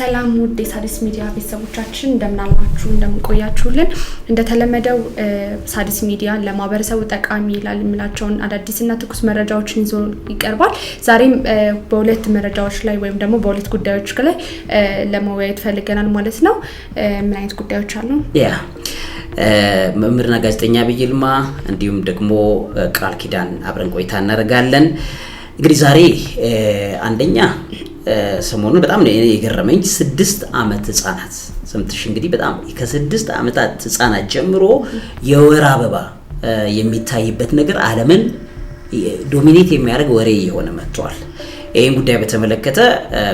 ሰላም ውድ የሣድስ ሚዲያ ቤተሰቦቻችን እንደምናላችሁ እንደምንቆያችሁልን፣ እንደተለመደው ሳዲስ ሚዲያ ለማህበረሰቡ ጠቃሚ ይላል የሚላቸውን አዳዲስና ትኩስ መረጃዎችን ይዞ ይቀርባል። ዛሬም በሁለት መረጃዎች ላይ ወይም ደግሞ በሁለት ጉዳዮች ላይ ለመወያየት ፈልገናል ማለት ነው። ምን አይነት ጉዳዮች አሉ? መምህርና ጋዜጠኛ ዐቢይ ይልማ እንዲሁም ደግሞ ቃል ኪዳን አብረን ቆይታ እናደርጋለን። እንግዲህ ዛሬ አንደኛ ሰሞኑን በጣም የገረመኝ ስድስት ዓመት ህጻናት ሰምተሽ እንግዲህ በጣም ከስድስት ዓመታት ህጻናት ጀምሮ የወር አበባ የሚታይበት ነገር ዓለምን ዶሚኔት የሚያደርግ ወሬ የሆነ መጥቷል። ይህን ጉዳይ በተመለከተ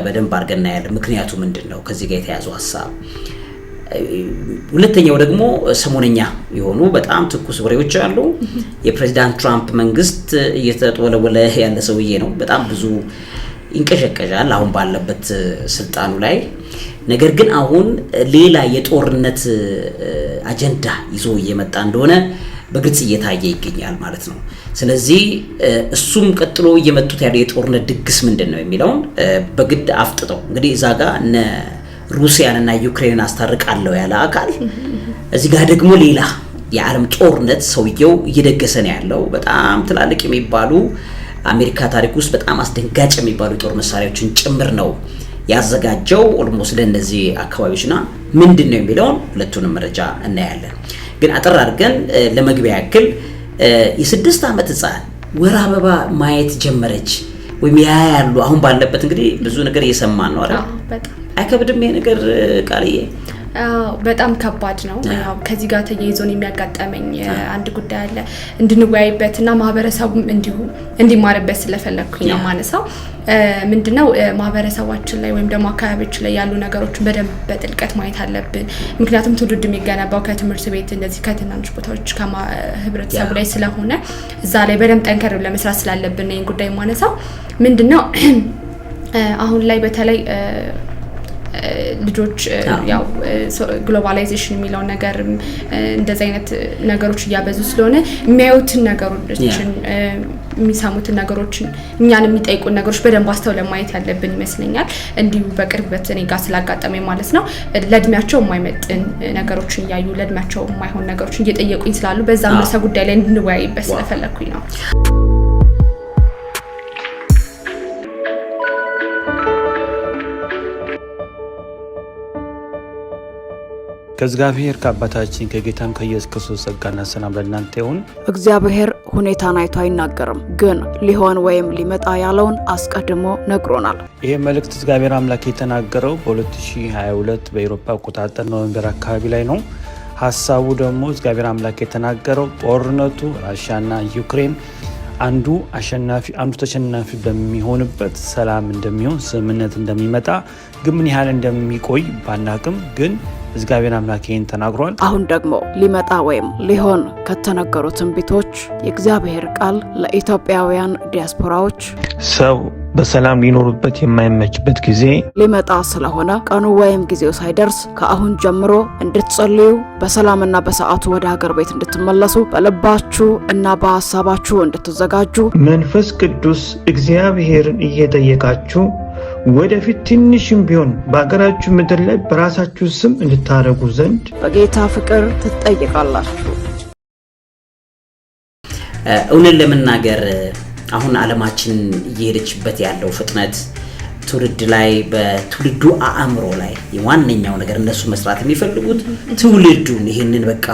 በደንብ አድርገን እናያለን። ምክንያቱ ምንድን ነው? ከዚህ ጋር የተያዙ ሀሳብ ሁለተኛው ደግሞ ሰሞነኛ የሆኑ በጣም ትኩስ ወሬዎች አሉ። የፕሬዚዳንት ትራምፕ መንግስት እየተጠወለወለ ያለ ሰውዬ ነው። በጣም ብዙ ይንቀሸቀሻል አሁን ባለበት ስልጣኑ ላይ። ነገር ግን አሁን ሌላ የጦርነት አጀንዳ ይዞ እየመጣ እንደሆነ በግልጽ እየታየ ይገኛል ማለት ነው። ስለዚህ እሱም ቀጥሎ እየመጡት ያለው የጦርነት ድግስ ምንድን ነው የሚለውን በግድ አፍጥጠው እንግዲህ እዛ ጋ እነ ሩሲያን እና ዩክሬንን አስታርቃለሁ ያለ አካል እዚህ ጋር ደግሞ ሌላ የዓለም ጦርነት ሰውየው እየደገሰ ነው ያለው። በጣም ትላልቅ የሚባሉ አሜሪካ ታሪክ ውስጥ በጣም አስደንጋጭ የሚባሉ የጦር መሳሪያዎችን ጭምር ነው ያዘጋጀው ኦልሞስ ለእነዚህ አካባቢዎችና ምንድን ነው የሚለውን ሁለቱንም መረጃ እናያለን። ግን አጠር አድርገን ለመግቢያ ያክል የስድስት ዓመት ህፃን ወር አበባ ማየት ጀመረች ወይም ያ ያሉ አሁን ባለበት እንግዲህ ብዙ ነገር እየሰማን ነው አይደል? አይከብድም ይሄ ነገር ቃልዬ በጣም ከባድ ነው። ከዚህ ጋር ተያይዞን የሚያጋጠመኝ አንድ ጉዳይ አለ እንድንወያይበት እና ማህበረሰቡም እንዲሁ እንዲማርበት ስለፈለግኩኝ ነው ማነሳው። ምንድነው ማህበረሰባችን ላይ ወይም ደግሞ አካባቢዎች ላይ ያሉ ነገሮችን በደንብ በጥልቀት ማየት አለብን። ምክንያቱም ትውልድ የሚገነባው ከትምህርት ቤት እንደዚህ ከትናንሽ ቦታዎች ከህብረተሰቡ ላይ ስለሆነ እዛ ላይ በደንብ ጠንከር ለመስራት ስላለብን ይህን ጉዳይ ማነሳው ምንድነው አሁን ላይ በተለይ ልጆች ያው ግሎባላይዜሽን የሚለው ነገር እንደዚህ አይነት ነገሮች እያበዙ ስለሆነ የሚያዩትን ነገሮችን የሚሰሙትን ነገሮችን እኛን የሚጠይቁን ነገሮች በደንብ አስተውለን ማየት ያለብን ይመስለኛል። እንዲሁ በቅርበት እኔ ጋር ስላጋጠመኝ ማለት ነው ለእድሜያቸው የማይመጥን ነገሮችን እያዩ ለእድሜያቸው የማይሆን ነገሮችን እየጠየቁኝ ስላሉ በዛ ርዕሰ ጉዳይ ላይ እንድንወያይበት ስለፈለግኩኝ ነው። ከእግዚአብሔር ከአባታችን ከጌታም ከኢየሱስ ክርስቶስ ጸጋና ሰላም ለእናንተ ይሁን። እግዚአብሔር ሁኔታን አይቶ አይናገርም፣ ግን ሊሆን ወይም ሊመጣ ያለውን አስቀድሞ ነግሮናል። ይህ መልእክት እግዚአብሔር አምላክ የተናገረው በ2022 በኤሮፓ አቆጣጠር ኖቬምበር አካባቢ ላይ ነው። ሀሳቡ ደግሞ እግዚአብሔር አምላክ የተናገረው ጦርነቱ ራሽያና ዩክሬን አንዱ አሸናፊ አንዱ ተሸናፊ በሚሆንበት ሰላም እንደሚሆን ስምምነት እንደሚመጣ ግን ምን ያህል እንደሚቆይ ባናቅም ግን እግዚአብሔር አምላክ ይህን ተናግሯል። አሁን ደግሞ ሊመጣ ወይም ሊሆን ከተነገሩ ትንቢቶች የእግዚአብሔር ቃል ለኢትዮጵያውያን ዲያስፖራዎች ሰው በሰላም ሊኖሩበት የማይመችበት ጊዜ ሊመጣ ስለሆነ ቀኑ ወይም ጊዜው ሳይደርስ ከአሁን ጀምሮ እንድትጸልዩ በሰላምና በሰዓቱ ወደ ሀገር ቤት እንድትመለሱ በልባችሁ እና በሀሳባችሁ እንድትዘጋጁ መንፈስ ቅዱስ እግዚአብሔርን እየጠየቃችሁ ወደፊት ትንሽም ቢሆን በሀገራችሁ ምድር ላይ በራሳችሁ ስም እንድታደርጉ ዘንድ በጌታ ፍቅር ትጠይቃላችሁ። እውነት ለመናገር አሁን አለማችን እየሄደችበት ያለው ፍጥነት ትውልድ ላይ በትውልዱ አእምሮ ላይ ዋነኛው ነገር እነሱ መስራት የሚፈልጉት ትውልዱን ይህንን በቃ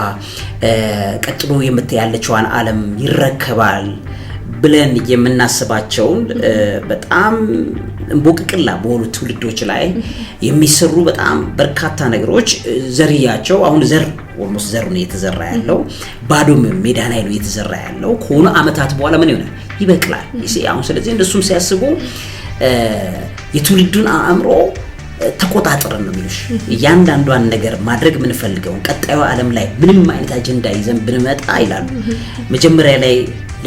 ቀጥሎ የምታያለችዋን አለም ይረከባል ብለን የምናስባቸውን በጣም እንቦቅቅላ በሆኑ ትውልዶች ላይ የሚሰሩ በጣም በርካታ ነገሮች ዘርያቸው አሁን ዘር ኦልሞስት ዘር ነው እየተዘራ ያለው ባዶ ሜዳ ላይ ነው እየተዘራ ያለው። ከሆኑ ዓመታት በኋላ ምን ይሆናል? ይበቅላል። አሁን ስለዚህ እንደሱም ሲያስቡ የትውልዱን አእምሮ ተቆጣጥረን ነው የሚሉሽ። እያንዳንዷን ነገር ማድረግ የምንፈልገውን ቀጣዩ ዓለም ላይ ምንም አይነት አጀንዳ ይዘን ብንመጣ ይላሉ መጀመሪያ ላይ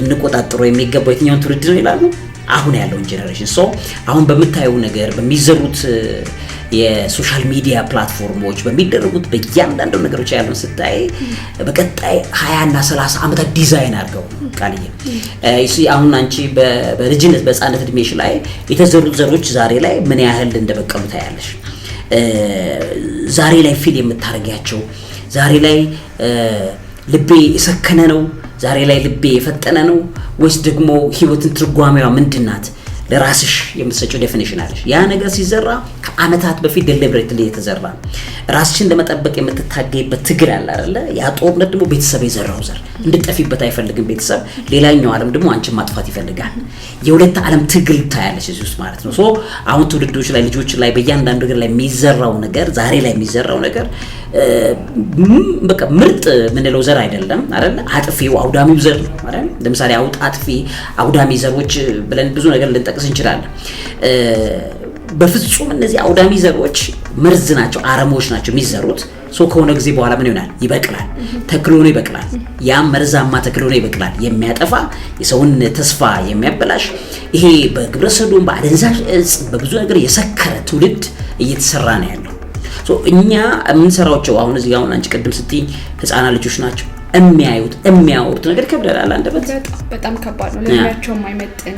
ልንቆጣጠረው የሚገባው የትኛውን ትውልድ ነው ይላሉ። አሁን ያለውን ጀነሬሽን ሶ አሁን በምታየው ነገር በሚዘሩት የሶሻል ሚዲያ ፕላትፎርሞች በሚደረጉት በእያንዳንዱ ነገሮች ያለውን ስታይ በቀጣይ ሀያ እና ሰላሳ ዓመታት ዲዛይን አድርገው ቃልዬ አሁን አንቺ በልጅነት በህፃነት እድሜሽ ላይ የተዘሩት ዘሮች ዛሬ ላይ ምን ያህል እንደበቀሉ ታያለሽ። ዛሬ ላይ ፊል የምታደርጊያቸው ዛሬ ላይ ልቤ የሰከነ ነው ዛሬ ላይ ልቤ የፈጠነ ነው ወይስ ደግሞ ህይወትን ትርጓሜዋ ምንድን ናት? ለራስሽ የምትሰጪው ዴፊኒሽን አለሽ። ያ ነገር ሲዘራ ከአመታት በፊት ደሊብሬት የተዘራ ራስሽን ለመጠበቅ የምትታገይበት ትግል አለ አይደለ? ያ ጦርነት ደግሞ ቤተሰብ የዘራው ዘር እንድጠፊበት አይፈልግም ቤተሰብ። ሌላኛው ዓለም ደግሞ አንቺን ማጥፋት ይፈልጋል። የሁለት ዓለም ትግል ታያለሽ እዚህ ውስጥ ማለት ነው። ሶ አሁን ትውልዶች ላይ ልጆች ላይ በእያንዳንዱ ነገር ላይ የሚዘራው ነገር ዛሬ ላይ የሚዘራው ነገር በቃ ምርጥ የምንለው ዘር አይደለም አይደለ? አጥፊው አውዳሚው ዘር ነው አይደል? ለምሳሌ አውጥ አጥፊ አውዳሚ ዘሮች ብለን ብዙ ነገር ልንጠ መጥቀስ እንችላለን። በፍጹም እነዚህ አውዳሚ ዘሮች መርዝ ናቸው፣ አረሞች ናቸው የሚዘሩት። ሰው ከሆነ ጊዜ በኋላ ምን ይሆናል? ይበቅላል፣ ተክል ሆኖ ይበቅላል። ያም መርዛማ ተክል ሆኖ ይበቅላል፣ የሚያጠፋ የሰውን ተስፋ የሚያበላሽ። ይሄ በግብረ በአደንዛዥ እጽ በብዙ ነገር የሰከረ ትውልድ እየተሰራ ነው ያለው። እኛ የምንሰራቸው አሁን እዚህ አሁን አንቺ ቅድም ስትይ ህፃና ልጆች ናቸው የሚያዩት የሚያወሩት ነገር ይከብዳል። አንደበት በጣም ከባድ ነው፣ ለሚያቸው የማይመጥን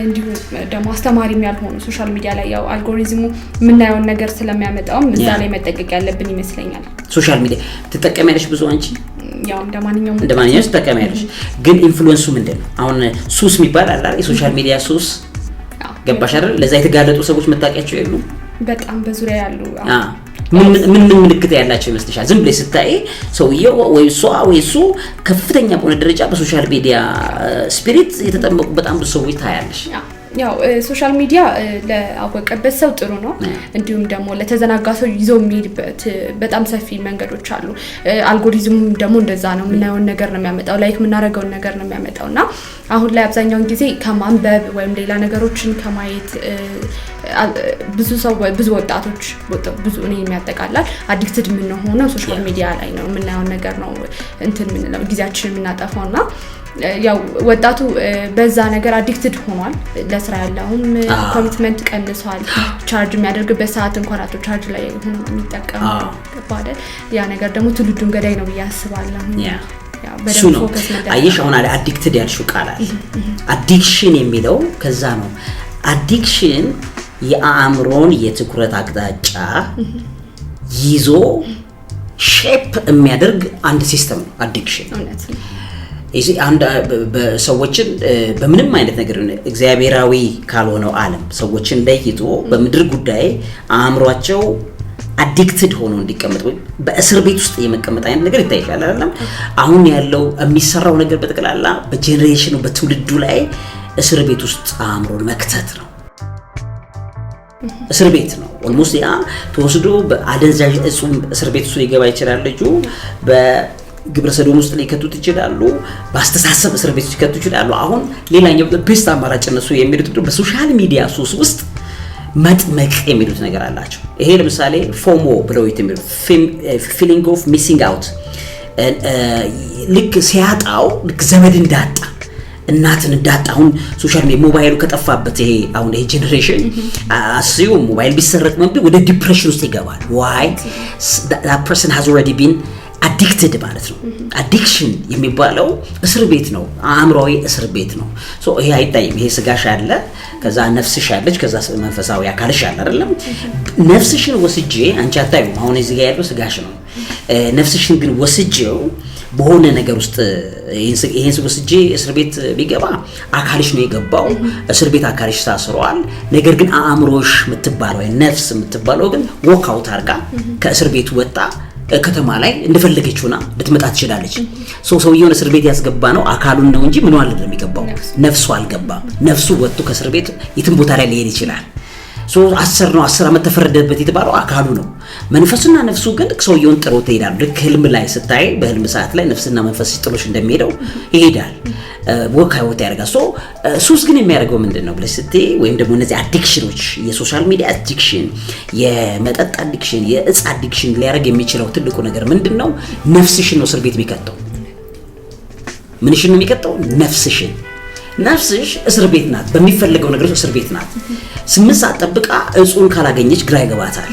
እንዲሁም ደግሞ አስተማሪም ያልሆኑ ሶሻል ሚዲያ ላይ ያው አልጎሪዝሙ የምናየውን ነገር ስለሚያመጣውም እዛ ላይ መጠቀቅ ያለብን ይመስለኛል። ሶሻል ሚዲያ ትጠቀሚያለሽ ብዙ አንቺ ያው እንደማንኛውም እንደማንኛውም ትጠቀሚያለሽ። ግን ኢንፍሉዌንሱ ምንድን ነው? አሁን ሱስ የሚባል አላ የሶሻል ሚዲያ ሱስ ገባሽ አይደል? ለዛ የተጋለጡ ሰዎች መታወቂያቸው የሉ በጣም በዙሪያ ያሉ ምን ምልክት ያላቸው ይመስልሻል? ዝም ብለሽ ስታይ ሰውየው ወይ እሷ ወይ እሱ ከፍተኛ በሆነ ደረጃ በሶሻል ሚዲያ ስፒሪት የተጠመቁ በጣም ብዙ ሰዎች ታያለሽ። ያው ሶሻል ሚዲያ ለአወቀበት ሰው ጥሩ ነው። እንዲሁም ደግሞ ለተዘናጋ ሰው ይዞ የሚሄድበት በጣም ሰፊ መንገዶች አሉ። አልጎሪዝሙ ደግሞ እንደዛ ነው። የምናየውን ነገር ነው የሚያመጣው፣ ላይክ የምናደርገውን ነገር ነው የሚያመጣው እና አሁን ላይ አብዛኛውን ጊዜ ከማንበብ ወይም ሌላ ነገሮችን ከማየት ብዙ ሰው ብዙ ወጣቶች ብዙ እኔ የሚያጠቃላል አዲክትድ የምንሆነው ሶሻል ሚዲያ ላይ ነው። የምናየውን ነገር ነው እንትን የምንለው ጊዜያችን የምናጠፋው እና ያው ወጣቱ በዛ ነገር አዲክትድ ሆኗል። ለስራ ያለውም ኮሚትመንት ቀንሷል። ቻርጅ የሚያደርግበት ሰዓት እንኳን አቶ ቻርጅ ላይ ሆኖ የሚጠቀሙ ባደል ያ ነገር ደግሞ ትውልዱን ገዳይ ነው ብዬ አስባለሁ። እሱ ነው አየሽ፣ አሁን አዲክትድ ያልሽው ቃላል አዲክሽን የሚለው ከዛ ነው። አዲክሽን የአእምሮን የትኩረት አቅጣጫ ይዞ ሼፕ የሚያደርግ አንድ ሲስተም ነው አዲክሽን አንድ ሰዎችን በምንም አይነት ነገር እግዚአብሔራዊ ካልሆነው ዓለም ሰዎችን ለይቶ በምድር ጉዳይ አእምሯቸው አዲክትድ ሆኖ እንዲቀመጥ ወይም በእስር ቤት ውስጥ የመቀመጥ አይነት ነገር ይታይሻል አይደለም? አሁን ያለው የሚሰራው ነገር በጠቅላላ በጄኔሬሽኑ በትውልዱ ላይ እስር ቤት ውስጥ አእምሮን መክተት ነው። እስር ቤት ነው። ኦልሞስት ያ ተወስዶ በአደንዛዥ እጹም እስር ቤት ውስጥ ሊገባ ይችላል ልጁ ግብረ ሰዶም ውስጥ ሊከቱት ይችላሉ። በአስተሳሰብ እስር ቤት ሊከቱ ይችላሉ። አሁን ሌላኛው ቤስት አማራጭ እነሱ የሚሉት በሶሻል ሚዲያ ሱስ ውስጥ መጥመቅ የሚሉት ነገር አላቸው። ይሄ ለምሳሌ ፎሞ ብለው የሚሉት ፊሊንግ ኦፍ ሚሲንግ አውት ልክ ሲያጣው ልክ ዘመድ እንዳጣ እናትን እንዳጣ አሁን ሶሻል ሚዲያ ሞባይሉ ከጠፋበት ይሄ አሁን ይሄ ጄኔሬሽን አስዩ ሞባይል ቢሰረቅ ወደ ዲፕሬሽን ውስጥ ይገባል። ዋይ ፐርሰን ሃዝ ኦልሬዲ ቢን አዲክትድ ማለት ነው። አዲክሽን የሚባለው እስር ቤት ነው፣ አእምሯዊ እስር ቤት ነው። ይሄ አይታይም። ይሄ ስጋሽ አለ፣ ከዛ ነፍስሽ አለች፣ ከዛ መንፈሳዊ አካልሽ አለ አይደለም። ነፍስሽን ወስጄ አንቺ አታዩም። አሁን እዚህ ጋ ያለው ስጋሽ ነው። ነፍስሽን ግን ወስጄው በሆነ ነገር ውስጥ ይህን ወስጄ እስር ቤት ቢገባ አካልሽ ነው የገባው። እስር ቤት አካልሽ ታስሯል። ነገር ግን አእምሮሽ የምትባለው ነፍስ የምትባለው ግን ወክ አውት አርጋ ከእስር ቤቱ ወጣ ከተማ ላይ እንደፈለገች ሆና ልትመጣ ትችላለች። ሰው ሰውየውን እስር ቤት ያስገባ ነው አካሉን ነው እንጂ ምን አለ የሚገባው ነፍሱ አልገባም። ነፍሱ ወጥቶ ከእስር ቤት የትም ቦታ ላይ ሊሄድ ይችላል። አስር ነው አስር ዓመት ተፈረደበት የተባለው አካሉ ነው። መንፈሱና ነፍሱ ግን ሰውየውን ጥሎት ይሄዳል። ልክ ህልም ላይ ስታይ በህልም ሰዓት ላይ ነፍስና መንፈስ ጥሎሽ እንደሚሄደው ይሄዳል። ወካ ወት ያደርጋል። ሶ ሱስ ግን የሚያደርገው ምንድን ነው ብለሽ ስትይ ወይም ደግሞ እነዚህ አዲክሽኖች የሶሻል ሚዲያ አዲክሽን፣ የመጠጥ አዲክሽን፣ የእጽ አዲክሽን ሊያደርግ የሚችለው ትልቁ ነገር ምንድን ነው? ነፍስሽን ነው እስር ቤት የሚከተው። ምንሽን ነው የሚከተው? ነፍስሽን ነፍስሽ እስር ቤት ናት፣ በሚፈልገው ነገር እስር ቤት ናት። ስምንት ሰዓት ጠብቃ እጹን ካላገኘች ግራ ይገባታል።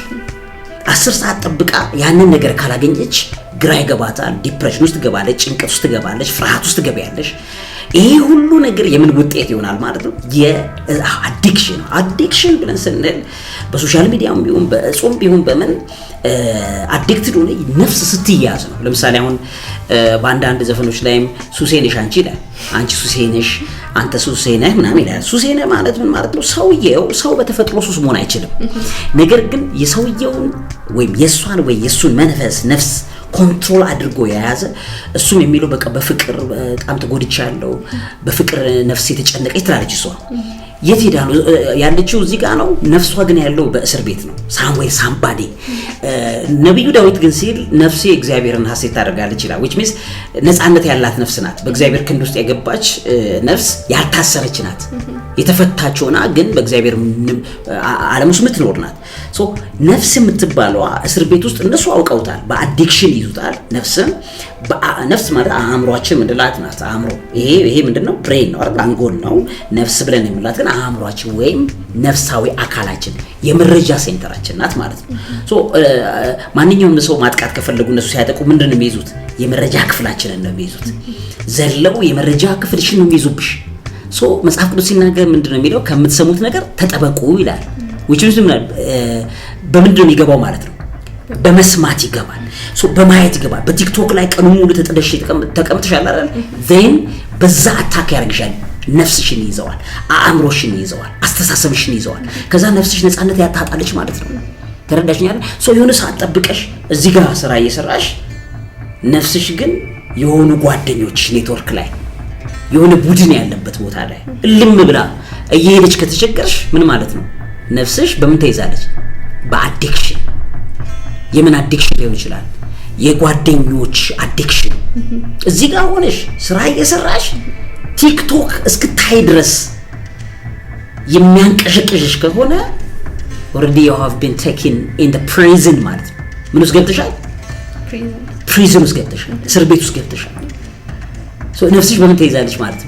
አስር ሰዓት ጠብቃ ያንን ነገር ካላገኘች ግራ ይገባታል። ዲፕሬሽን ውስጥ ትገባለች፣ ጭንቀት ውስጥ ትገባለች፣ ፍርሃት ውስጥ ትገቢያለሽ። ይሄ ሁሉ ነገር የምን ውጤት ይሆናል ማለት ነው? የአዲክሽን አዲክሽን ብለን ስንል በሶሻል ሚዲያም ቢሆን በእጾም ቢሆን በምን አዲክትድ ሆነ ነፍስ ስትያዝ ነው። ለምሳሌ አሁን በአንዳንድ ዘፈኖች ላይም ሱሴን ሻንቺ ይላል አንቺ ሱሴ ነሽ፣ አንተ ሱሴ ነህ ምናምን ይላል። ሱሴ ነህ ማለት ምን ማለት ነው? ሰውየው ሰው በተፈጥሮ ሱስ መሆን አይችልም። ነገር ግን የሰውየውን ወይም የእሷን ወይ የእሱን መንፈስ ነፍስ ኮንትሮል አድርጎ የያዘ እሱም የሚለው በቃ በፍቅር በጣም ተጎድቻለሁ፣ በፍቅር ነፍስ ተጨነቀች ትላለች እሷ የት ሄዳ ነው ያለችው? እዚህ ጋር ነው። ነፍሷ ግን ያለው በእስር ቤት ነው። ሳምዌር ሳምባዴ ነቢዩ ዳዊት ግን ሲል ነፍሴ እግዚአብሔርን ሐሴት ታደርጋለች ይላል። ዊች ሚንስ ነፃነት ያላት ነፍስ ናት። በእግዚአብሔር ክንድ ውስጥ የገባች ነፍስ ያልታሰረች ናት። የተፈታች ሆና ግን በእግዚአብሔር ዓለም ውስጥ ምትኖር ናት። ነፍስ የምትባለዋ እስር ቤት ውስጥ እነሱ አውቀውታል። በአዲክሽን ይዙታል። ነፍስም ነፍስ ማለት አእምሯችን ምንድላት ናት። አእምሮ ይሄ ይሄ ምንድነው? ብሬን ነው አይደል? አንጎል ነው። ነፍስ ብለን የምንላት ግን አእምሯችን ወይም ነፍሳዊ አካላችን የመረጃ ሴንተራችን ናት ማለት ነው። ሶ ማንኛውም ሰው ማጥቃት ከፈለጉ እነሱ ሲያጠቁ ምንድን የሚይዙት? የመረጃ ክፍላችንን ነው የሚይዙት። ዘለው የመረጃ ክፍልሽን ነው የሚይዙብሽ። ሶ መጽሐፍ ቅዱስ ሲናገር ምንድነው የሚለው? ከምትሰሙት ነገር ተጠበቁ ይላል። ዊችስ በምንድን ነው የሚገባው ማለት ነው? በመስማት ይገባል፣ በማየት ይገባል። በቲክቶክ ላይ ቀኑ ሙሉ ተጥደሽ ተቀምጥሻል አይደል? ዜን በዛ አታክ ያደርግሻል። ነፍስሽን ይዘዋል፣ አእምሮሽን ይዘዋል፣ አስተሳሰብሽን ይዘዋል። ከዛ ነፍስሽ ነፃነት ያታጣለች ማለት ነው። ተረዳሽኛል? ሶ የሆነ ሰዓት ጠብቀሽ እዚህ ጋር ስራ እየሰራሽ ነፍስሽ ግን የሆኑ ጓደኞች ኔትወርክ ላይ የሆነ ቡድን ያለበት ቦታ ላይ እልም ብላ እየሄደች ከተቸገርሽ ምን ማለት ነው ነፍስሽ በምን ተይዛለች? በአዲክሽን። የምን አዲክሽን ሊሆን ይችላል? የጓደኞች አዲክሽን። እዚህ ጋር ሆነሽ ስራ እየሰራሽ ቲክቶክ እስክታይ ድረስ የሚያንቀሸቅሽሽ ከሆነ ኦልሬዲ ዩ ሃቭ ቢን ቴኪን ኢን ዘ ፕሪዝን ማለት ነው። ምን ውስጥ ገብተሻል? ፕሪዝን ውስጥ ገብተሻል። እስር ቤት ውስጥ ገብተሻል። ነፍስሽ በምን ተይዛለች ማለት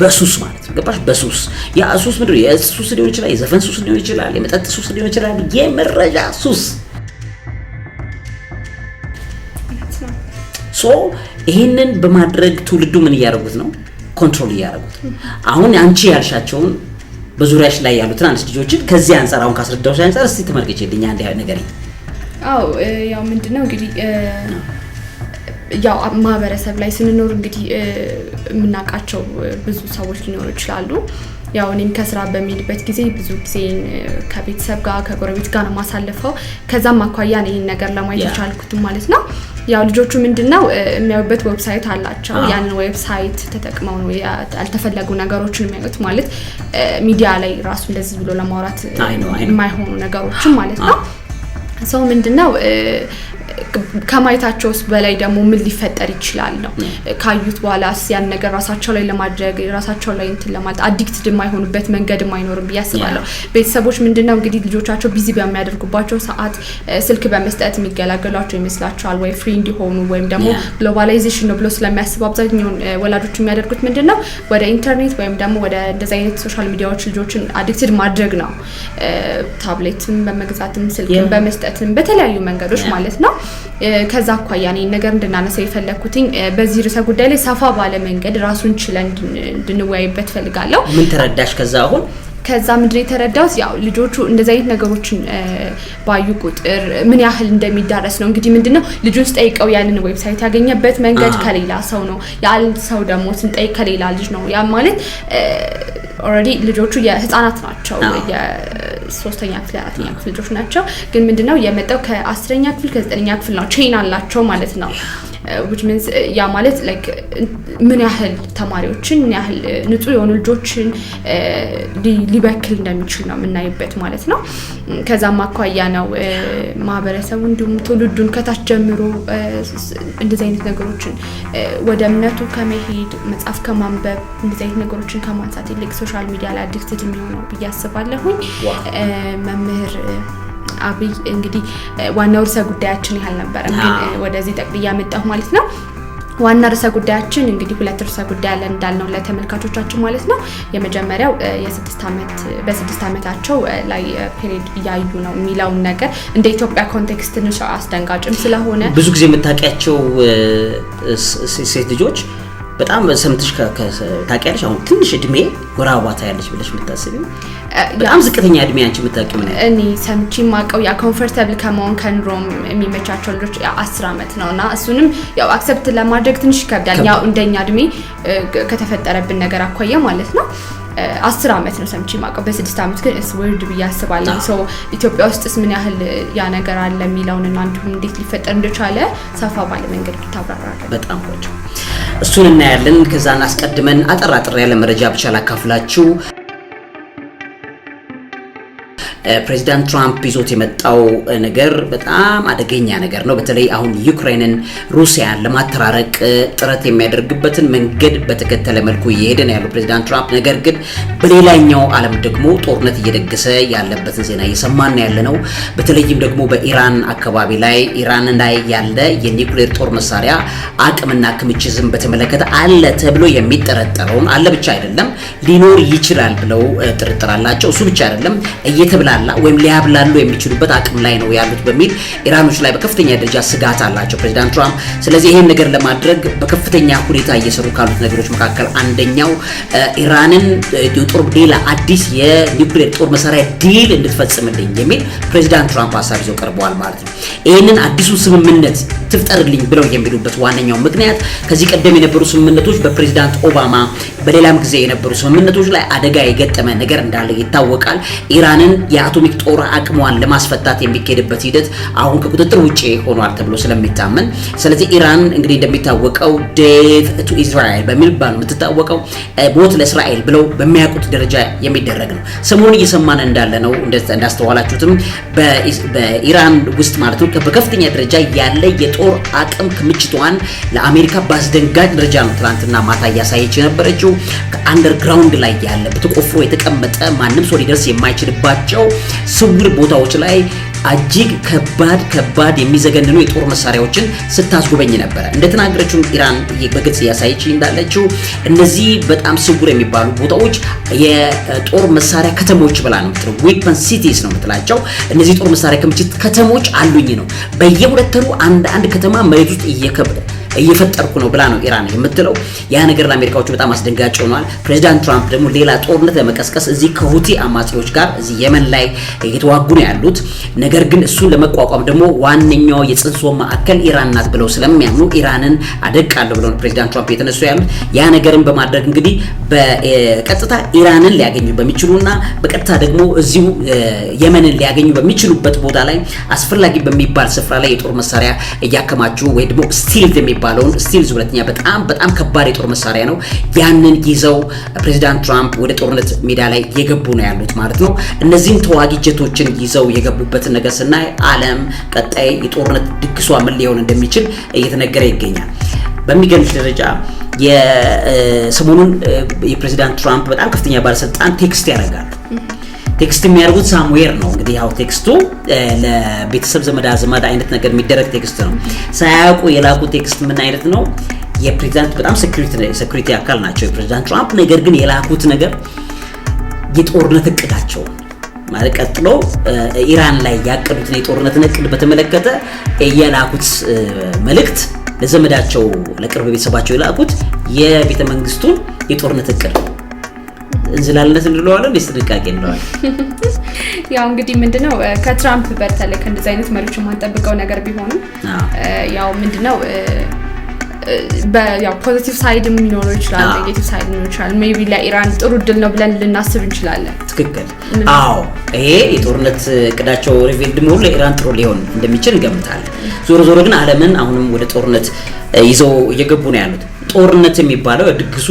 በሱስ ማለት ገባሽ? በሱስ ያ ሱስ ምንድን ነው? የእጽ ሱስ ሊሆን ይችላል፣ የዘፈን ሱስ ሊሆን ይችላል፣ የመጠጥ ሱስ ሊሆን ይችላል፣ የመረጃ ሱስ ሶ ይህንን በማድረግ ትውልዱ ምን እያደረጉት ነው? ኮንትሮል እያደረጉት አሁን አንቺ ያልሻቸውን በዙሪያሽ ላይ ያሉ ትናንሽ ልጆችን ከዚህ አንጻር አሁን ካስረዳሁሽ አንጻር እስቲ ተመልከችልኝ አንድ ነገር። አዎ ያው ምንድነው እንግዲህ ያው ማህበረሰብ ላይ ስንኖር እንግዲህ የምናውቃቸው ብዙ ሰዎች ሊኖሩ ይችላሉ። ያው እኔም ከስራ በሚሄድበት ጊዜ ብዙ ጊዜ ከቤተሰብ ጋር ከጎረቤት ጋር ነው ማሳልፈው። ከዛም አኳያ ይህን ነገር ለማየት የቻልኩትም ማለት ነው። ያው ልጆቹ ምንድነው የሚያዩበት ዌብሳይት አላቸው። ያንን ዌብሳይት ተጠቅመው ነው ያልተፈለጉ ነገሮችን የሚያዩት። ማለት ሚዲያ ላይ ራሱ እንደዚህ ብሎ ለማውራት የማይሆኑ ነገሮችን ማለት ነው። ሰው ምንድነው ከማየታቸውስ በላይ ደግሞ ምን ሊፈጠር ይችላል ነው። ካዩት በኋላ ያን ነገር ራሳቸው ላይ ለማድረግ ራሳቸው ላይ እንትን ለማለት አዲክትድ የማይሆኑበት መንገድ አይኖርም ብዬ አስባለሁ። ቤተሰቦች ምንድነው እንግዲህ ልጆቻቸው ቢዚ በሚያደርጉባቸው ሰዓት ስልክ በመስጠት የሚገላገሏቸው ይመስላቸዋል ወይ ፍሪ እንዲሆኑ ወይም ደግሞ ግሎባላይዜሽን ነው ብሎ ስለሚያስቡ አብዛኛውን ወላጆች የሚያደርጉት ምንድን ነው ወደ ኢንተርኔት ወይም ደግሞ ወደ እንደዚ አይነት ሶሻል ሚዲያዎች ልጆችን አዲክትድ ማድረግ ነው። ታብሌትን በመግዛትም ስልክን በመስጠትም በተለያዩ መንገዶች ማለት ነው። ከዛ አኳያ እኔን ነገር እንድናነሳው የፈለግኩትኝ በዚህ ርዕሰ ጉዳይ ላይ ሰፋ ባለ መንገድ ራሱን ችለን እንድንወያይበት ፈልጋለሁ። ምን ተረዳሽ ከዛ አሁን? ከዛ ምንድን የተረዳሁት ያው ልጆቹ እንደዚህ አይነት ነገሮችን ባዩ ቁጥር ምን ያህል እንደሚዳረስ ነው። እንግዲህ ምንድነው ልጁን ስጠይቀው ያንን ዌብሳይት ያገኘበት መንገድ ከሌላ ሰው ነው። ያን ሰው ደግሞ ስንጠይቅ ከሌላ ልጅ ነው። ያ ማለት ኦልሬዲ ልጆቹ የህፃናት ናቸው። የሶስተኛ ክፍል የአራተኛ ክፍል ልጆች ናቸው። ግን ምንድነው የመጣው ከአስረኛ ክፍል ከዘጠነኛ ክፍል ነው ቼን አላቸው ማለት ነው። ያ ማለት ምን ያህል ተማሪዎችን ምን ያህል ንጹህ የሆኑ ልጆችን ሊበክል እንደሚችል ነው የምናይበት ማለት ነው። ከዛም አኳያ ነው ማህበረሰቡ እንዲሁም ትውልዱን ከታች ጀምሮ እንደዚህ አይነት ነገሮችን ወደ እምነቱ ከመሄድ መጽሐፍ ከማንበብ እንደዚህ አይነት ነገሮችን ከማንሳት ይልቅ ሶሻል ሚዲያ ላይ አዲክትድ የሚሆነው ብዬ አስባለሁኝ። መምህር አብይ እንግዲህ ዋናው ርዕሰ ጉዳያችን ያህል ነበረ፣ ግን ወደዚህ ጠቅልዬ ያመጣሁ ማለት ነው። ዋና ርዕሰ ጉዳያችን እንግዲህ ሁለት ርዕሰ ጉዳይ አለ እንዳልነው ለተመልካቾቻችን ማለት ነው። የመጀመሪያው የስድስት ዓመት በስድስት ዓመታቸው ላይ ፔሬድ እያዩ ነው የሚለውን ነገር እንደ ኢትዮጵያ ኮንቴክስት ትንሽ አስደንጋጭም ስለሆነ ብዙ ጊዜ የምታውቂያቸው ሴት ልጆች በጣም ሰምተሽ ታውቂያለሽ? አሁን ትንሽ እድሜ ወር አበባ ታያለሽ ብለሽ የምታስቢው በጣም ዝቅተኛ እድሜ አንቺ የምታውቂው ነው። እኔ ሰምቼ የማውቀው ያ ኮንፈርታብል ከመሆን ከኑሮም የሚመቻቸው ልጆች አስር ዓመት ነው እና እሱንም ያው አክሰፕት ለማድረግ ትንሽ ይከብዳል። ያው እንደኛ እድሜ ከተፈጠረብን ነገር አኳየ ማለት ነው። አስር ዓመት ነው ሰምቼ የማውቀው። በስድስት ዓመት ግን እስ ወርድ ብዬ አስባለሁ። ሰው ኢትዮጵያ ውስጥስ ምን ያህል ያ ነገር አለ የሚለውን እና እንዲሁም እንዴት ሊፈጠር እንደቻለ ሰፋ ባለ መንገድ ብታብራራለን። በጣም ቆንጆ እሱን እናያለን። ከዛን አስቀድመን አጠር ያለ መረጃ ብቻ ላካፍላችሁ። ፕሬዚዳንት ትራምፕ ይዞት የመጣው ነገር በጣም አደገኛ ነገር ነው። በተለይ አሁን ዩክሬንን ሩሲያን ለማተራረቅ ጥረት የሚያደርግበትን መንገድ በተከተለ መልኩ እየሄደ ነው ያለው ፕሬዚዳንት ትራምፕ። ነገር ግን በሌላኛው ዓለም ደግሞ ጦርነት እየደገሰ ያለበትን ዜና እየሰማን ያለ ነው። በተለይም ደግሞ በኢራን አካባቢ ላይ ኢራን ላይ ያለ የኒውክሌር ጦር መሳሪያ አቅምና ክምችዝም በተመለከተ አለ ተብሎ የሚጠረጠረውን አለ ብቻ አይደለም ሊኖር ይችላል ብለው ጥርጥር አላቸው። እሱ ብቻ አይደለም እየተብላ ሊያጣላ ወይም ሊያብላሉ የሚችሉበት አቅም ላይ ነው ያሉት በሚል ኢራኖች ላይ በከፍተኛ ደረጃ ስጋት አላቸው ፕሬዚዳንት ትራምፕ። ስለዚህ ይህን ነገር ለማድረግ በከፍተኛ ሁኔታ እየሰሩ ካሉት ነገሮች መካከል አንደኛው ኢራንን የጦር ሌላ አዲስ የኒውክሌር ጦር መሳሪያ ዲል እንድትፈጽምልኝ የሚል ፕሬዚዳንት ትራምፕ ሀሳብ ይዘው ቀርበዋል ማለት ነው። ይህንን አዲሱ ስምምነት ትፍጠርልኝ ብለው የሚሉበት ዋነኛው ምክንያት ከዚህ ቀደም የነበሩ ስምምነቶች በፕሬዚዳንት ኦባማ በሌላም ጊዜ የነበሩ ስምምነቶች ላይ አደጋ የገጠመ ነገር እንዳለ ይታወቃል። ኢራንን የአቶሚክ ጦር አቅሟን ለማስፈታት የሚካሄድበት ሂደት አሁን ከቁጥጥር ውጭ ሆኗል ተብሎ ስለሚታመን፣ ስለዚህ ኢራን እንግዲህ እንደሚታወቀው ዴት ቱ ኢስራኤል በሚባል የምትታወቀው ሞት ለእስራኤል ብለው በሚያውቁት ደረጃ የሚደረግ ነው። ሰሞኑን እየሰማን እንዳለ ነው እንዳስተዋላችሁትም በኢራን ውስጥ ማለት ነው በከፍተኛ ደረጃ ያለ የጦር አቅም ክምችቷን ለአሜሪካ በአስደንጋጭ ደረጃ ነው ትናንትና ማታ እያሳየች የነበረችው። ከአንደርግራውንድ ላይ ያለ በተቆፍሮ የተቀመጠ ማንም ሰው ሊደርስ የማይችልባቸው ስውር ቦታዎች ላይ እጅግ ከባድ ከባድ የሚዘገንኑ የጦር መሳሪያዎችን ስታስጎበኝ ነበረ። እንደተናገረችው ኢራን በግልጽ እያሳየች እንዳለችው እነዚህ በጣም ስውር የሚባሉ ቦታዎች የጦር መሳሪያ ከተሞች ብላ ነው የምትለው፣ ዌፐን ሲቲስ ነው የምትላቸው። እነዚህ የጦር መሳሪያ ክምችት ከተሞች አሉኝ ነው። በየሁለት ወሩ አንድ አንድ ከተማ መሬት ውስጥ እየከበደ እየፈጠርኩ ነው ብላ ነው ኢራን የምትለው። ያ ነገር ለአሜሪካዎቹ በጣም አስደንጋጭ ሆኗል። ፕሬዚዳንት ትራምፕ ደግሞ ሌላ ጦርነት ለመቀስቀስ እዚህ ከሁቲ አማጺዎች ጋር እዚህ የመን ላይ እየተዋጉ ነው ያሉት። ነገር ግን እሱን ለመቋቋም ደግሞ ዋነኛው የጽንሶ ማዕከል ኢራን ናት ብለው ስለሚያምኑ ኢራንን አደቃለሁ ብለው ፕሬዚዳንት ትራምፕ የተነሱ ያሉት። ያ ነገርን በማድረግ እንግዲህ በቀጥታ ኢራንን ሊያገኙ በሚችሉና በቀጥታ ደግሞ እዚሁ የመንን ሊያገኙ በሚችሉበት ቦታ ላይ አስፈላጊ በሚባል ስፍራ ላይ የጦር መሳሪያ እያከማቹ ወይ ደግሞ ስቲልት የሚባለውን ስቲልዝ ሁለተኛ በጣም በጣም ከባድ የጦር መሳሪያ ነው። ያንን ይዘው ፕሬዚዳንት ትራምፕ ወደ ጦርነት ሜዳ ላይ የገቡ ነው ያሉት ማለት ነው። እነዚህም ተዋጊ ጀቶችን ይዘው የገቡበትን ነገር ስናይ ዓለም ቀጣይ የጦርነት ድግሷ ምን ሊሆን እንደሚችል እየተነገረ ይገኛል። በሚገርምሽ ደረጃ የሰሞኑን የፕሬዚዳንት ትራምፕ በጣም ከፍተኛ ባለስልጣን ቴክስት ያደርጋል ቴክስት የሚያደርጉት ሳሙዌር ነው። እንግዲህ ያው ቴክስቱ ለቤተሰብ ዘመድ አዝማድ አይነት ነገር የሚደረግ ቴክስት ነው። ሳያውቁ የላኩ ቴክስት ምን አይነት ነው? የፕሬዚዳንት በጣም ሴኩሪቲ አካል ናቸው የፕሬዚዳንት ትራምፕ። ነገር ግን የላኩት ነገር የጦርነት እቅዳቸው ማለት ቀጥሎ ኢራን ላይ ያቀዱትን የጦርነትን እቅድ በተመለከተ የላኩት መልእክት ለዘመዳቸው ለቅርብ ቤተሰባቸው የላኩት የቤተመንግስቱን የጦርነት እቅድ ነው። እንዝላልነት እንለዋለን ስ ጥንቃቄ እንለዋለን። ያው እንግዲህ ምንድነው ከትራምፕ በተለይ ከእንደዚህ አይነት መሪዎች የማንጠብቀው ነገር ቢሆንም ያው ምንድነው ፖዚቲቭ ሳይድ ሊኖረው ይችላል፣ ኔጌቲቭ ሳይድ ሊኖር ይችላል። ሜይ ቢ ለኢራን ጥሩ እድል ነው ብለን ልናስብ እንችላለን። ትክክል። አዎ ይሄ የጦርነት እቅዳቸው ሪቪልድ መሆኑ ለኢራን ጥሩ ሊሆን እንደሚችል እንገምታለን። ዞሮ ዞሮ ግን ዓለምን አሁንም ወደ ጦርነት ይዘው እየገቡ ነው ያሉት። ጦርነት የሚባለው ድግሱ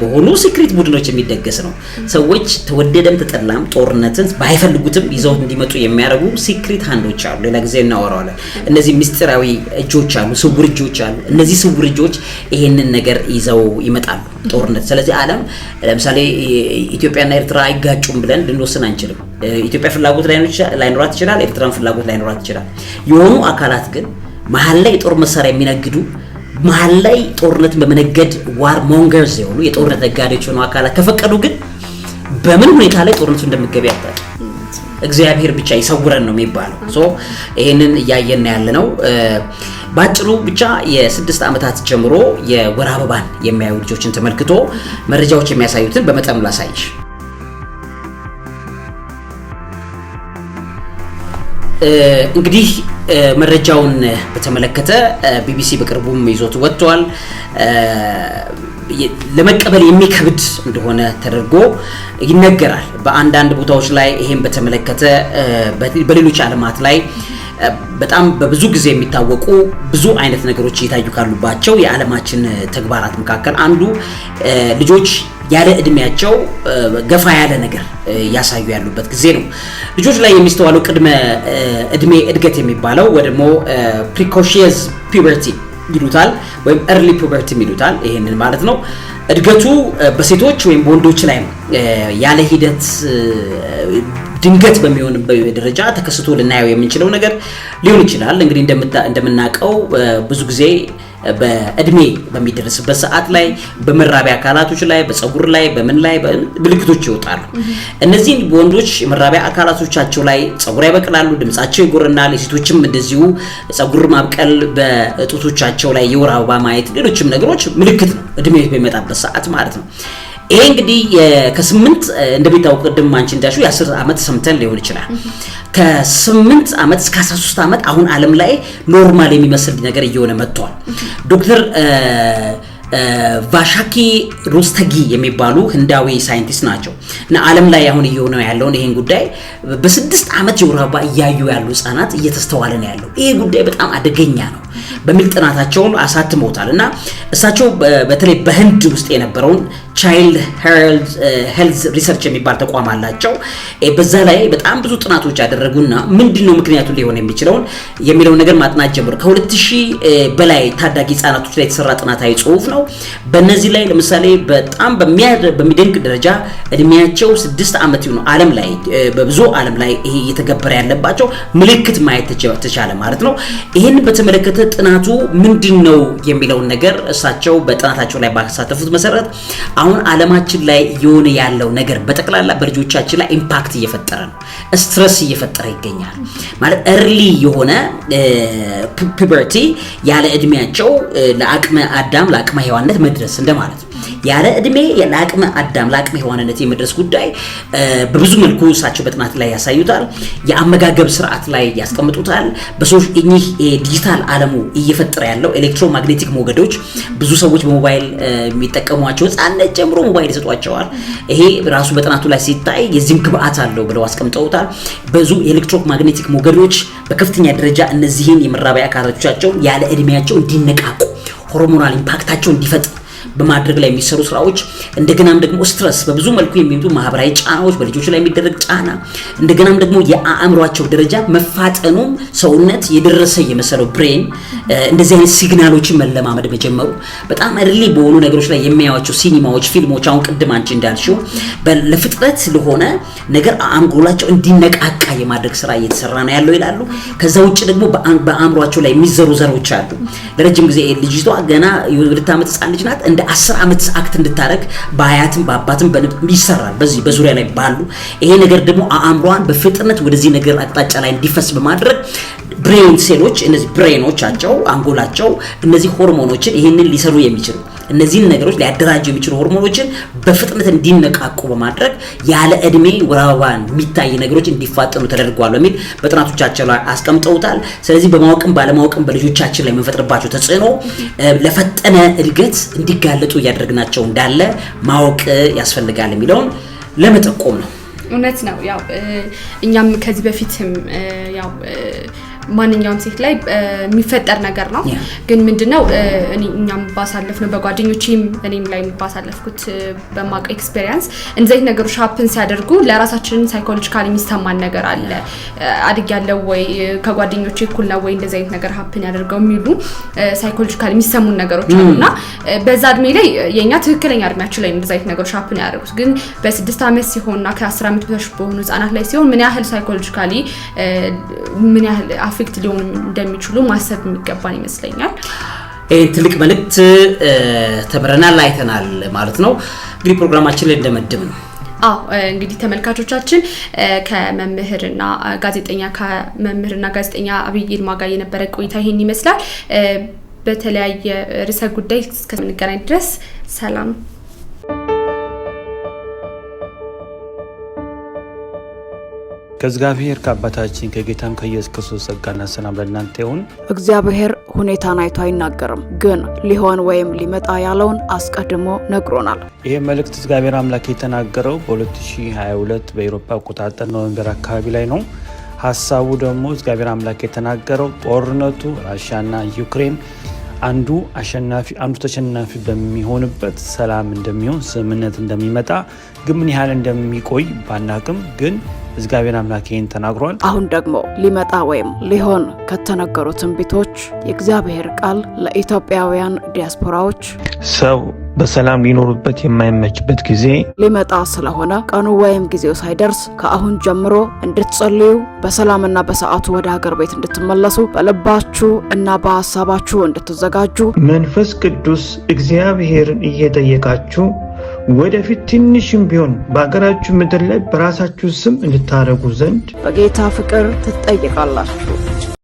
በሆኑ ሲክሪት ቡድኖች የሚደገስ ነው። ሰዎች ተወደደም ተጠላም ጦርነትን ባይፈልጉትም ይዘው እንዲመጡ የሚያደርጉ ሲክሪት ሃንዶች አሉ። ሌላ ጊዜ እናወራዋለን። እነዚህ ምስጢራዊ እጆች አሉ፣ ስውር እጆች አሉ። እነዚህ ስውር እጆች ይሄንን ነገር ይዘው ይመጣሉ፣ ጦርነት። ስለዚህ ዓለም ለምሳሌ ኢትዮጵያና ኤርትራ አይጋጩም ብለን ልንወስን አንችልም። ኢትዮጵያ ፍላጎት ላይኖራት ይችላል፣ ኤርትራን ፍላጎት ላይኖራት ይችላል። የሆኑ አካላት ግን መሀል ላይ የጦር መሳሪያ የሚነግዱ መሀል ላይ ጦርነትን በመነገድ ዋር ሞንገርስ የሆኑ የጦርነት ነጋዴዎች የሆኑ አካላት ከፈቀዱ ግን በምን ሁኔታ ላይ ጦርነቱ እንደምገብ ያጣል እግዚአብሔር ብቻ ይሰውረን ነው የሚባለው። ሶ ይሄንን እያየን ያለ ነው። ባጭሩ ብቻ የስድስት ዓመታት ጀምሮ የወር አበባን የሚያዩ ልጆችን ተመልክቶ መረጃዎች የሚያሳዩትን በመጠኑ ላሳይሽ። እንግዲህ መረጃውን በተመለከተ ቢቢሲ በቅርቡም ይዞት ወጥቷል። ለመቀበል የሚከብድ እንደሆነ ተደርጎ ይነገራል። በአንዳንድ ቦታዎች ላይ ይሄን በተመለከተ በሌሎች ዓለማት ላይ በጣም በብዙ ጊዜ የሚታወቁ ብዙ አይነት ነገሮች እየታዩ ካሉባቸው የዓለማችን ተግባራት መካከል አንዱ ልጆች ያለ እድሜያቸው ገፋ ያለ ነገር እያሳዩ ያሉበት ጊዜ ነው። ልጆች ላይ የሚስተዋለው ቅድመ እድሜ እድገት የሚባለው ወይ ደግሞ ፕሪኮሽየስ ፒበርቲ ይሉታል ወይም ኤርሊ ፑበርቲ ይሉታል። ይሄንን ማለት ነው። እድገቱ በሴቶች ወይም በወንዶች ላይ ያለ ሂደት ድንገት በሚሆንበት ደረጃ ተከስቶ ልናየው የምንችለው ነገር ሊሆን ይችላል። እንግዲህ እንደምናውቀው ብዙ ጊዜ በእድሜ በሚደርስበት ሰዓት ላይ በመራቢያ አካላቶች ላይ በፀጉር ላይ በምን ላይ ምልክቶች ይወጣሉ። እነዚህን በወንዶች የመራቢያ አካላቶቻቸው ላይ ፀጉር ያበቅላሉ፣ ድምጻቸው ይጎረናል። የሴቶችም እንደዚሁ ፀጉር ማብቀል፣ በጡቶቻቸው ላይ የወር አበባ ማየት፣ ሌሎችም ነገሮች ምልክት ነው፣ እድሜ በሚመጣበት ሰዓት ማለት ነው። ይሄ እንግዲህ ከስምንት እንደሚታወቅ ቅድም አንቺ እንዳልሽው የአስር ዓመት ሰምተን ሊሆን ይችላል። ከስምንት ዓመት እስከ 13 ዓመት አሁን ዓለም ላይ ኖርማል የሚመስል ነገር እየሆነ መጥቷል። ዶክተር ቫሻኪ ሮስተጊ የሚባሉ ህንዳዊ ሳይንቲስት ናቸው እና ዓለም ላይ አሁን እየሆነ ያለውን ይህን ጉዳይ በስድስት ዓመት የወር አበባ እያዩ ያሉ ህጻናት እየተስተዋለ ነው ያለው። ይህ ጉዳይ በጣም አደገኛ ነው። በሚል ጥናታቸውን አሳትመውታል እና እሳቸው በተለይ በህንድ ውስጥ የነበረውን ቻይልድ ሄልዝ ሪሰርች የሚባል ተቋም አላቸው። በዛ ላይ በጣም ብዙ ጥናቶች ያደረጉና ምንድን ነው ምክንያቱ ሊሆን የሚችለውን የሚለውን ነገር ማጥናት ጀምሩ። ከ ሺህ በላይ ታዳጊ ህጻናቶች ላይ የተሰራ ጥናታዊ ጽሁፍ ነው። በእነዚህ ላይ ለምሳሌ በጣም በሚደንቅ ደረጃ እድሜያቸው ስድስት ዓመት ነው ዓለም ላይ በብዙ ዓለም ላይ ይሄ እየተገበረ ያለባቸው ምልክት ማየት ተቻለ ማለት ነው። ይህን በተመለከተ ጥና ምክንያቱ ምንድን ነው የሚለውን ነገር እሳቸው በጥናታቸው ላይ ባሳተፉት መሰረት አሁን አለማችን ላይ እየሆነ ያለው ነገር በጠቅላላ በልጆቻችን ላይ ኢምፓክት እየፈጠረ ነው፣ ስትረስ እየፈጠረ ይገኛል። ማለት እርሊ የሆነ ፒበርቲ ያለ እድሜያቸው ለአቅመ አዳም ለአቅመ ሔዋንነት መድረስ እንደማለት ነው። ያለ እድሜ ለአቅመ አዳም ለአቅመ ሔዋንነት የመድረስ ጉዳይ በብዙ መልኩ እሳቸው በጥናት ላይ ያሳዩታል። የአመጋገብ ስርዓት ላይ ያስቀምጡታል። በሰዎች እኚህ ዲጂታል አለሙ እየፈጠረ ያለው ኤሌክትሮማግኔቲክ ሞገዶች ብዙ ሰዎች በሞባይል የሚጠቀሟቸው ሕፃነት ጀምሮ ሞባይል ይሰጧቸዋል። ይሄ ራሱ በጥናቱ ላይ ሲታይ የዚህም ግብአት አለው ብለው አስቀምጠውታል። ብዙ ኤሌክትሮማግኔቲክ ሞገዶች በከፍተኛ ደረጃ እነዚህን የመራቢያ አካላቶቻቸውን ያለ እድሜያቸው እንዲነቃቁ ሆርሞናል ኢምፓክታቸው እንዲፈጥር በማድረግ ላይ የሚሰሩ ስራዎች፣ እንደገናም ደግሞ ስትረስ፣ በብዙ መልኩ የሚመጡ ማህበራዊ ጫናዎች፣ በልጆች ላይ የሚደረግ ጫና፣ እንደገናም ደግሞ የአእምሯቸው ደረጃ መፋጠኑም ሰውነት የደረሰ የመሰለው ብሬን እንደዚህ አይነት ሲግናሎችን መለማመድ መጀመሩ በጣም እርሊ በሆኑ ነገሮች ላይ የሚያዩቸው ሲኒማዎች፣ ፊልሞች አሁን ቅድም አንቺ እንዳልሽው ለፍጥረት ለሆነ ነገር አእምሮላቸው እንዲነቃቃ የማድረግ ስራ እየተሰራ ነው ያለው ይላሉ። ከዛ ውጭ ደግሞ በአእምሯቸው ላይ የሚዘሩ ዘሮች አሉ። ለረጅም ጊዜ ልጅቷ ገና የሁለት ዓመት ህጻን ልጅ ናት እንደ አስር ዓመት አክት እንድታደረግ በአያትም በአባትም በንብ ይሰራል። በዚህ በዙሪያ ላይ ባሉ ይሄ ነገር ደግሞ አእምሯን በፍጥነት ወደዚህ ነገር አቅጣጫ ላይ እንዲፈስ በማድረግ ብሬን ሴሎች እነዚህ ብሬኖቻቸው አንጎላቸው እነዚህ ሆርሞኖችን ይህንን ሊሰሩ የሚችሉ እነዚህን ነገሮች ሊያደራጁ የሚችሉ ሆርሞኖችን በፍጥነት እንዲነቃቁ በማድረግ ያለ እድሜ ወር አበባን የሚታይ ነገሮች እንዲፋጠኑ ተደርጓል በሚል በጥናቶቻቸው ላይ አስቀምጠውታል። ስለዚህ በማወቅም ባለማወቅም በልጆቻችን ላይ የምንፈጥርባቸው ተጽዕኖ ለፈጠነ እድገት እንዲጋለጡ እያደረግናቸው እንዳለ ማወቅ ያስፈልጋል የሚለውን ለመጠቆም ነው። እውነት ነው። ያው እኛም ከዚህ በፊትም ያው ማንኛውም ሴት ላይ የሚፈጠር ነገር ነው። ግን ምንድነው እኛም ነው በጓደኞችም እኔም ላይ ባሳለፍኩት በማውቀው ኤክስፔሪንስ እንደዚህ ነገሮች ሀፕን ሲያደርጉ ለራሳችን ሳይኮሎጂካል የሚሰማን ነገር አለ። አድግ ያለው ወይ ከጓደኞች እኩል ነው ወይ እንደዚህ አይነት ነገር ሀፕን ያደርገው የሚሉ ሳይኮሎጂካል የሚሰሙን ነገሮች አሉ እና በዛ እድሜ ላይ የእኛ ትክክለኛ እድሜያችን ላይ እንደዚህ አይነት ነገሮች ሀፕን ያደርጉት ግን በስድስት ዓመት ሲሆን ሲሆንና ከአስር ዓመት በታች በሆኑ ህጻናት ላይ ሲሆን ምን ያህል ሳይኮሎጂካሊ ምን ያህል አፌክት ሊሆኑ እንደሚችሉ ማሰብ የሚገባን ይመስለኛል። ይህ ትልቅ መልእክት ተምረናል፣ አይተናል ማለት ነው። እንግዲህ ፕሮግራማችን ላይ እንደመድብ ነው አዎ እንግዲህ ተመልካቾቻችን ከመምህርና ጋዜጠኛ ከመምህርና ጋዜጠኛ አብይ ይልማ ጋር የነበረ ቆይታ ይሄን ይመስላል። በተለያየ ርዕሰ ጉዳይ እስከምንገናኝ ድረስ ሰላም። ከእግዚአብሔር ከአባታችን ከጌታም ከኢየሱስ ክርስቶስ ጸጋና ሰላም ለእናንተ ይሁን። እግዚአብሔር ሁኔታን አይቶ አይናገርም፣ ግን ሊሆን ወይም ሊመጣ ያለውን አስቀድሞ ነግሮናል። ይህ መልእክት እግዚአብሔር አምላክ የተናገረው በ2022 በኤሮፓ አቆጣጠር ኖቨምበር አካባቢ ላይ ነው። ሀሳቡ ደግሞ እግዚአብሔር አምላክ የተናገረው ጦርነቱ ራሽያና ዩክሬን አንዱ አሸናፊ አንዱ ተሸናፊ በሚሆንበት ሰላም እንደሚሆን ስምምነት እንደሚመጣ ግን ምን ያህል እንደሚቆይ ባናቅም ግን እግዚአብሔር አምላክ ይህን ተናግሯል። አሁን ደግሞ ሊመጣ ወይም ሊሆን ከተነገሩ ትንቢቶች የእግዚአብሔር ቃል ለኢትዮጵያውያን ዲያስፖራዎች ሰው በሰላም ሊኖሩበት የማይመችበት ጊዜ ሊመጣ ስለሆነ ቀኑ ወይም ጊዜው ሳይደርስ ከአሁን ጀምሮ እንድትጸልዩ በሰላምና በሰዓቱ ወደ ሀገር ቤት እንድትመለሱ በልባችሁ እና በሀሳባችሁ እንድትዘጋጁ መንፈስ ቅዱስ እግዚአብሔርን እየጠየቃችሁ ወደፊት ትንሽም ቢሆን በሀገራችሁ ምድር ላይ በራሳችሁ ስም እንድታደርጉ ዘንድ በጌታ ፍቅር ትጠይቃላችሁ።